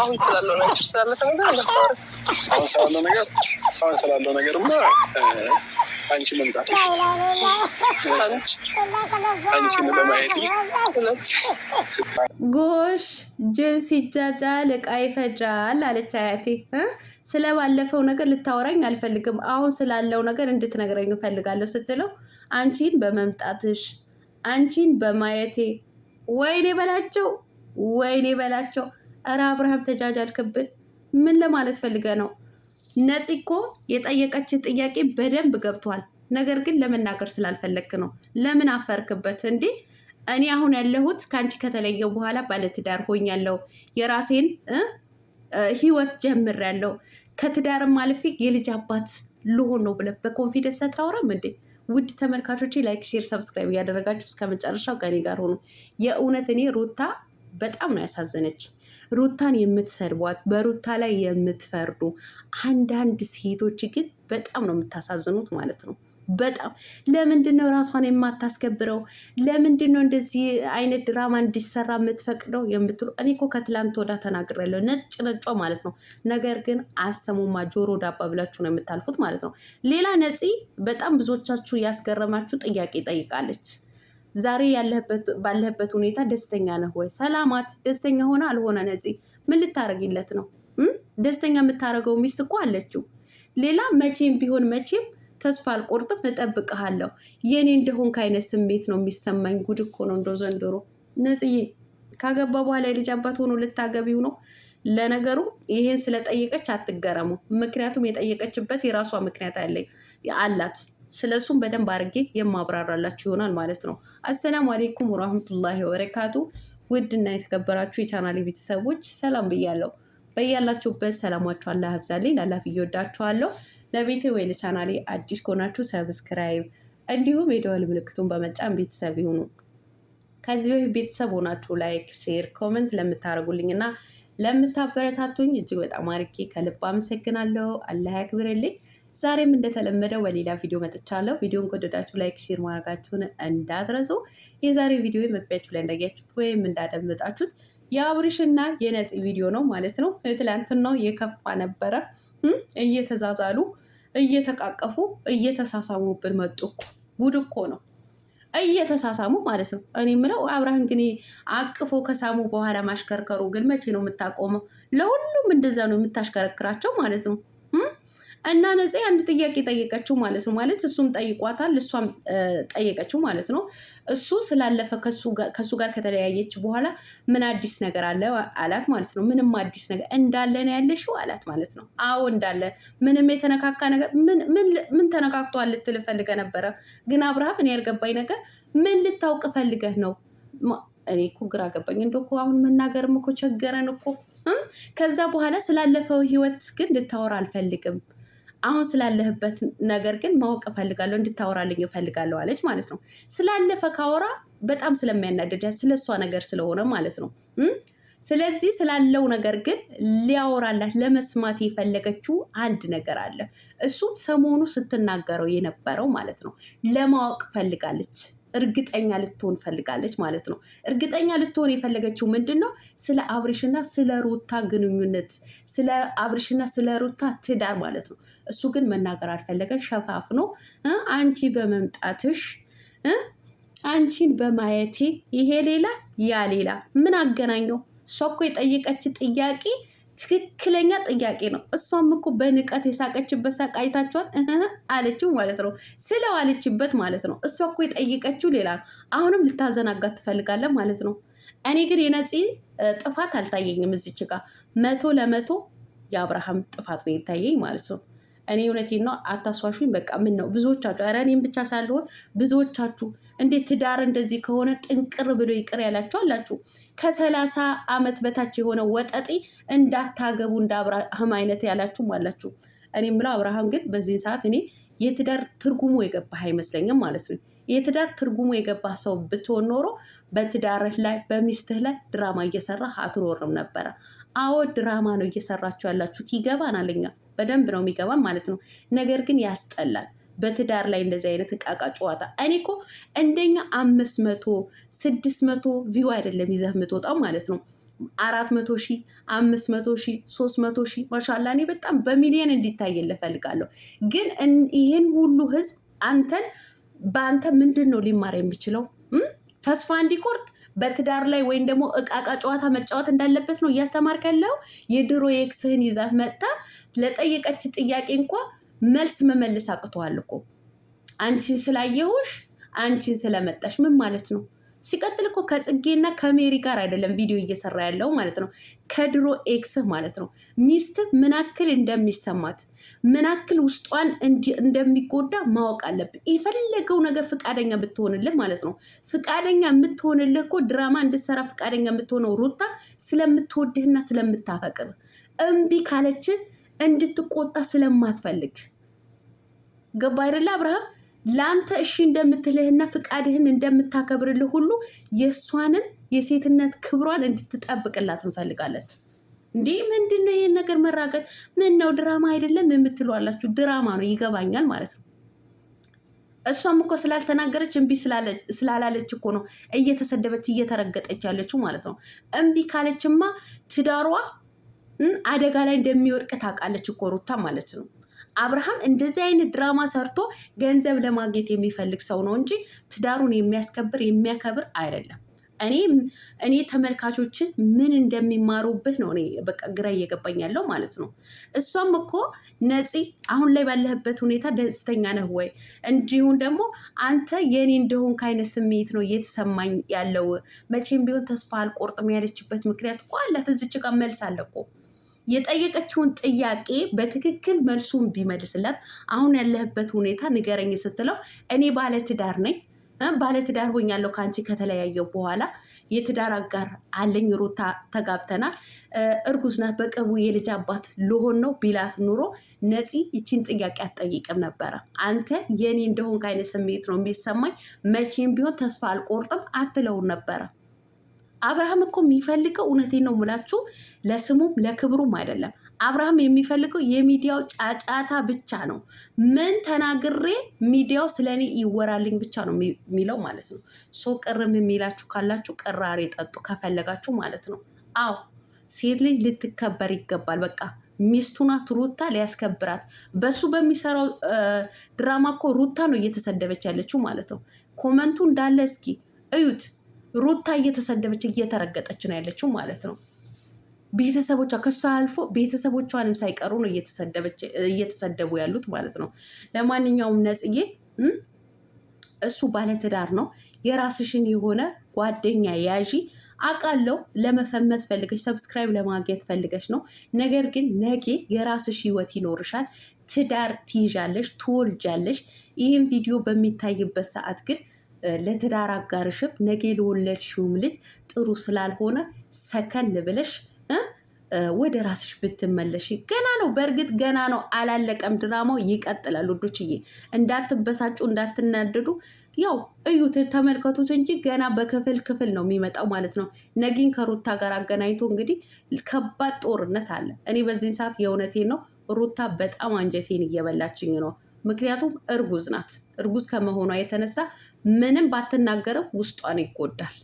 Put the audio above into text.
አሁን ስላለው ነገር ስላለፈ ነገር አሁን ስላለው ነገር አሁን ስላለው ነገርማ አንቺ አንቺን በማየት ጎሽ ጅል ሲጃጃል እቃ ይፈጃል አለች አያቴ። ስለባለፈው ነገር ልታወራኝ አልፈልግም፣ አሁን ስላለው ነገር እንድትነግረኝ እፈልጋለሁ ስትለው አንቺን በመምጣትሽ አንቺን በማየቴ ወይኔ በላቸው፣ ወይኔ በላቸው። እረ አብርሃም ተጃጃልክብን። ምን ለማለት ፈልገ ነው? ነፂ እኮ የጠየቀችን ጥያቄ በደንብ ገብቷል። ነገር ግን ለመናገር ስላልፈለግክ ነው። ለምን አፈርክበት? እንዲህ እኔ አሁን ያለሁት ከአንቺ ከተለየው በኋላ ባለትዳር ሆኛለሁ። የራሴን ህይወት ጀምሬያለሁ። ከትዳርም አልፌ የልጅ አባት ልሆን ነው ብለህ በኮንፊደንስ አታወራም እንዴ? ውድ ተመልካቾች ላይክ፣ ሼር፣ ሰብስክራይብ እያደረጋችሁ እስከ መጨረሻው ከኔ ጋር ሆኖ የእውነት እኔ ሩታ በጣም ነው ያሳዘነች። ሩታን የምትሰድቧት፣ በሩታ ላይ የምትፈርዱ አንዳንድ ሴቶች ግን በጣም ነው የምታሳዝኑት ማለት ነው። በጣም ለምንድን ነው ራሷን የማታስከብረው? ለምንድን ነው እንደዚህ አይነት ድራማ እንዲሰራ የምትፈቅደው የምትሉ እኔ እኮ ከትላንት ወዳ ተናግሬያለሁ፣ ነጭ ነጮ ማለት ነው። ነገር ግን አሰሙማ ጆሮ ዳባ ብላችሁ ነው የምታልፉት ማለት ነው። ሌላ ነፂ በጣም ብዙዎቻችሁ ያስገረማችሁ ጥያቄ ጠይቃለች። ዛሬ ባለህበት ሁኔታ ደስተኛ ነህ ወይ? ሰላማት ደስተኛ ሆነ አልሆነ ነፂ ምን ልታረጊለት ነው? ደስተኛ የምታደርገው ሚስት እኮ አለችው። ሌላ መቼም ቢሆን መቼም ተስፋ አልቆርጥም፣ እጠብቅሃለሁ የእኔ እንደሆን ከአይነት ስሜት ነው የሚሰማኝ። ጉድ እኮ ነው እንደው ዘንድሮ። ነፂዬ ካገባ በኋላ የልጅ አባት ሆኖ ልታገቢው ነው። ለነገሩ ይሄን ስለጠየቀች አትገረሙ፣ ምክንያቱም የጠየቀችበት የራሷ ምክንያት አለኝ አላት። ስለ እሱም በደንብ አድርጌ የማብራራላችሁ ይሆናል ማለት ነው። አሰላሙ አሌይኩም ወራህመቱላሂ ወበረካቱ። ውድና የተከበራችሁ የቻናሌ ቤተሰቦች ሰላም ብያለሁ። በያላችሁበት ሰላማችሁ አላህ ያብዛልኝ። ላላፍ እየወዳችኋለሁ። ለቤቴ ወይ ለቻናሌ አዲስ ከሆናችሁ ሰብስክራይብ እንዲሁም የደወል ምልክቱን በመጫን ቤተሰብ ይሁኑ። ከዚህ በፊት ቤተሰብ ሆናችሁ ላይክ፣ ሼር፣ ኮመንት ለምታደርጉልኝ እና ለምታበረታቱኝ እጅግ በጣም አርጌ ከልብ አመሰግናለሁ። አላህ ያክብርልኝ። ዛሬም እንደተለመደው በሌላ ቪዲዮ መጥቻለሁ። ቪዲዮን ከወደዳችሁ ላይክ፣ ሼር ማድረጋችሁን እንዳትረሱ። የዛሬ ቪዲዮ መግቢያችሁ ላይ እንዳያችሁት ወይም እንዳደመጣችሁት የአብርሽና የነፂ ቪዲዮ ነው ማለት ነው። ትላንትን ነው የከፋ ነበረ። እየተዛዛሉ እየተቃቀፉ እየተሳሳሙብን መጡ እኮ ጉድ እኮ ነው እየተሳሳሙ ማለት ነው። እኔ ምለው አብርሃን ግን አቅፎ ከሳሙ በኋላ ማሽከርከሩ ግን መቼ ነው የምታቆመው? ለሁሉም እንደዛ ነው የምታሽከረክራቸው ማለት ነው። እና ነፂ አንድ ጥያቄ ጠየቀችው ማለት ነው። ማለት እሱም ጠይቋታል፣ እሷም ጠየቀችው ማለት ነው። እሱ ስላለፈ ከእሱ ጋር ከተለያየች በኋላ ምን አዲስ ነገር አለ አላት ማለት ነው። ምንም አዲስ ነገር እንዳለ ነው ያለሽው አላት ማለት ነው። አዎ እንዳለ ምንም የተነካካ ነገር ምን ተነካክቷል ልትል ፈልገ ነበረ። ግን አብርሃም እኔ ያልገባኝ ነገር ምን ልታውቅ ፈልገህ ነው? እኔ እኮ ግራ ገባኝ። እንደ እኮ አሁን መናገርም እኮ ቸገረን እኮ። ከዛ በኋላ ስላለፈው ህይወት ግን ልታወራ አልፈልግም አሁን ስላለህበት ነገር ግን ማወቅ እፈልጋለሁ እንድታወራልኝ እፈልጋለሁ አለች ማለት ነው። ስላለፈ ካወራ በጣም ስለሚያናደድ ስለእሷ ነገር ስለሆነ ማለት ነው። ስለዚህ ስላለው ነገር ግን ሊያወራላት ለመስማት የፈለገችው አንድ ነገር አለ። እሱም ሰሞኑ ስትናገረው የነበረው ማለት ነው። ለማወቅ ፈልጋለች እርግጠኛ ልትሆን ፈልጋለች ማለት ነው። እርግጠኛ ልትሆን የፈለገችው ምንድን ነው? ስለ አብርሽና ስለ ሩታ ግንኙነት፣ ስለ አብርሽና ስለ ሩታ ትዳር ማለት ነው። እሱ ግን መናገር አልፈለገን። ሸፋፍኖ አንቺ በመምጣትሽ አንቺን በማየቴ ይሄ ሌላ ያ ሌላ ምን አገናኘው? እሷ እኮ የጠየቀች ጥያቄ ትክክለኛ ጥያቄ ነው። እሷም እኮ በንቀት የሳቀችበት ሳቅ አይታችኋል አለችው ማለት ነው፣ ስለዋለችበት ማለት ነው። እሷ እኮ የጠየቀችው ሌላ ነው። አሁንም ልታዘናጋት ትፈልጋለን ማለት ነው። እኔ ግን የነፂ ጥፋት አልታየኝም። እዚች ጋር መቶ ለመቶ የአብርሃም ጥፋት ነው የታየኝ ማለት ነው። እኔ እውነቴን ነው፣ አታስዋሹኝ። በቃ ምን ነው ብዙዎቻችሁ፣ ኧረ እኔም ብቻ ሳልሆን ብዙዎቻችሁ እንዴት ትዳር እንደዚህ ከሆነ ጥንቅር ብሎ ይቅር ያላችሁ አላችሁ። ከሰላሳ ዓመት በታች የሆነ ወጠጤ እንዳታገቡ እንደ አብርሃም አይነት ያላችሁም አላችሁ። እኔ የምለው አብርሃም ግን በዚህን ሰዓት እኔ የትዳር ትርጉሙ የገባህ አይመስለኝም ማለት ነው። የትዳር ትርጉሙ የገባህ ሰው ብትሆን ኖሮ በትዳርህ ላይ በሚስትህ ላይ ድራማ እየሰራህ አትኖርም ነበረ። አዎ ድራማ ነው እየሰራችሁ ያላችሁት፣ ይገባናል እኛ በደንብ ነው የሚገባም ማለት ነው። ነገር ግን ያስጠላል። በትዳር ላይ እንደዚህ አይነት እቃቃ ጨዋታ። እኔ እኮ እንደኛ አምስት መቶ ስድስት መቶ ቪው አይደለም ይዘህ የምትወጣው ማለት ነው። አራት መቶ ሺ አምስት መቶ ሺ ሶስት መቶ ሺ ማሻላ። እኔ በጣም በሚሊየን እንዲታየል እፈልጋለሁ። ግን ይህን ሁሉ ህዝብ አንተን በአንተ ምንድን ነው ሊማር የሚችለው? ተስፋ እንዲቆርጥ በትዳር ላይ ወይም ደግሞ እቃቃ ጨዋታ መጫወት እንዳለበት ነው እያስተማርክ ያለው። የድሮ የክስህን ይዛት መጥታ ለጠየቀች ጥያቄ እንኳ መልስ መመልስ አቅቶሃል እኮ አንቺን ስላየሁሽ አንቺን ስለመጣሽ ምን ማለት ነው? ሲቀጥል እኮ ከጽጌና ከሜሪ ጋር አይደለም ቪዲዮ እየሰራ ያለው ማለት ነው፣ ከድሮ ኤክስህ ማለት ነው። ሚስት ምናክል እንደሚሰማት ምናክል ውስጧን እንደሚጎዳ ማወቅ አለብን። የፈለገው ነገር ፍቃደኛ ብትሆንልህ ማለት ነው። ፍቃደኛ የምትሆንልህ እኮ ድራማ እንድሰራ ፍቃደኛ የምትሆነው ሩታ ስለምትወድህና ስለምታፈቅር እምቢ ካለች እንድትቆጣ ስለማትፈልግ ገባ አይደለ አብርሃም? ለአንተ እሺ እንደምትልህና ፍቃድህን እንደምታከብርልህ ሁሉ የእሷንም የሴትነት ክብሯን እንድትጠብቅላት እንፈልጋለን። እንዲህ ምንድን ነው ይህን ነገር መራገጥ? ምን ነው ድራማ አይደለም የምትሏላችሁ? ድራማ ነው ይገባኛል ማለት ነው። እሷም እኮ ስላልተናገረች እምቢ ስላላለች እኮ ነው እየተሰደበች እየተረገጠች ያለችው ማለት ነው። እምቢ ካለችማ ትዳሯ አደጋ ላይ እንደሚወድቅ ታውቃለች እኮ ሩታ ማለት ነው። አብርሃም እንደዚህ አይነት ድራማ ሰርቶ ገንዘብ ለማግኘት የሚፈልግ ሰው ነው እንጂ ትዳሩን የሚያስከብር የሚያከብር አይደለም። እኔ እኔ ተመልካቾችን ምን እንደሚማሩብህ ነው እኔ በቃ ግራ እየገባኝ ያለው ማለት ነው። እሷም እኮ ነፂ፣ አሁን ላይ ባለህበት ሁኔታ ደስተኛ ነህ ወይ? እንዲሁም ደግሞ አንተ የኔ እንደሆን አይነት ስሜት ነው እየተሰማኝ ያለው። መቼም ቢሆን ተስፋ አልቆርጥም ያለችበት ምክንያት እኮ አላት። እዚች ጋር መልስ አለ እኮ የጠየቀችውን ጥያቄ በትክክል መልሱን ቢመልስላት አሁን ያለህበት ሁኔታ ንገረኝ ስትለው እኔ ባለትዳር ነኝ ባለትዳር ሆኛለሁ ከአንቺ ከተለያየው በኋላ የትዳር አጋር አለኝ ሩታ ተጋብተናል እርጉዝ ናት በቅርቡ የልጅ አባት ልሆን ነው ቢላት ኑሮ ነፂ ይችን ጥያቄ አትጠይቅም ነበረ አንተ የኔ እንደሆንክ አይነት ስሜት ነው የሚሰማኝ መቼም ቢሆን ተስፋ አልቆርጥም አትለውን ነበረ አብርሃም እኮ የሚፈልገው እውነቴን ነው የምላችሁ፣ ለስሙም ለክብሩም አይደለም። አብርሃም የሚፈልገው የሚዲያው ጫጫታ ብቻ ነው። ምን ተናግሬ ሚዲያው ስለኔ ይወራልኝ ብቻ ነው የሚለው ማለት ነው። ሶ ቅርም የሚላችሁ ካላችሁ ቅራሬ ጠጡ ከፈለጋችሁ ማለት ነው። አዎ ሴት ልጅ ልትከበር ይገባል። በቃ ሚስቱና ሩታ ሊያስከብራት በሱ በሚሰራው ድራማ እኮ ሩታ ነው እየተሰደበች ያለችው ማለት ነው። ኮመንቱ እንዳለ እስኪ እዩት። ሩታ እየተሰደበች እየተረገጠች ነው ያለችው ማለት ነው። ቤተሰቦቿ ከሷ አልፎ ቤተሰቦቿንም ሳይቀሩ ነው እየተሰደቡ ያሉት ማለት ነው። ለማንኛውም ነጽዬ እሱ ባለትዳር ነው። የራስሽን የሆነ ጓደኛ ያዢ። አቃለው ለመፈመስ ፈልገሽ ሰብስክራይብ ለማግኘት ፈልገሽ ነው። ነገር ግን ነገ የራስሽ ህይወት ይኖርሻል። ትዳር ትይዣለሽ፣ ትወልጃለሽ። ይህም ቪዲዮ በሚታይበት ሰዓት ግን ለትዳር አጋርሽም ነገ ለወለድሽውም ልጅ ጥሩ ስላልሆነ ሰከን ብለሽ ወደ ራስሽ ብትመለሽ ገና ነው። በእርግጥ ገና ነው፣ አላለቀም። ድራማው ይቀጥላል። ውዶችዬ እንዳትበሳጩ፣ እንዳትናደዱ ያው እዩት፣ ተመልከቱት እንጂ ገና በክፍል ክፍል ነው የሚመጣው ማለት ነው። ነጊን ከሩታ ጋር አገናኝቶ እንግዲህ ከባድ ጦርነት አለ። እኔ በዚህን ሰዓት የእውነቴን ነው ሩታ በጣም አንጀቴን እየበላችኝ ነው። ምክንያቱም እርጉዝ ናት። እርጉዝ ከመሆኗ የተነሳ ምንም ባትናገረው ውስጧን ይጎዳል።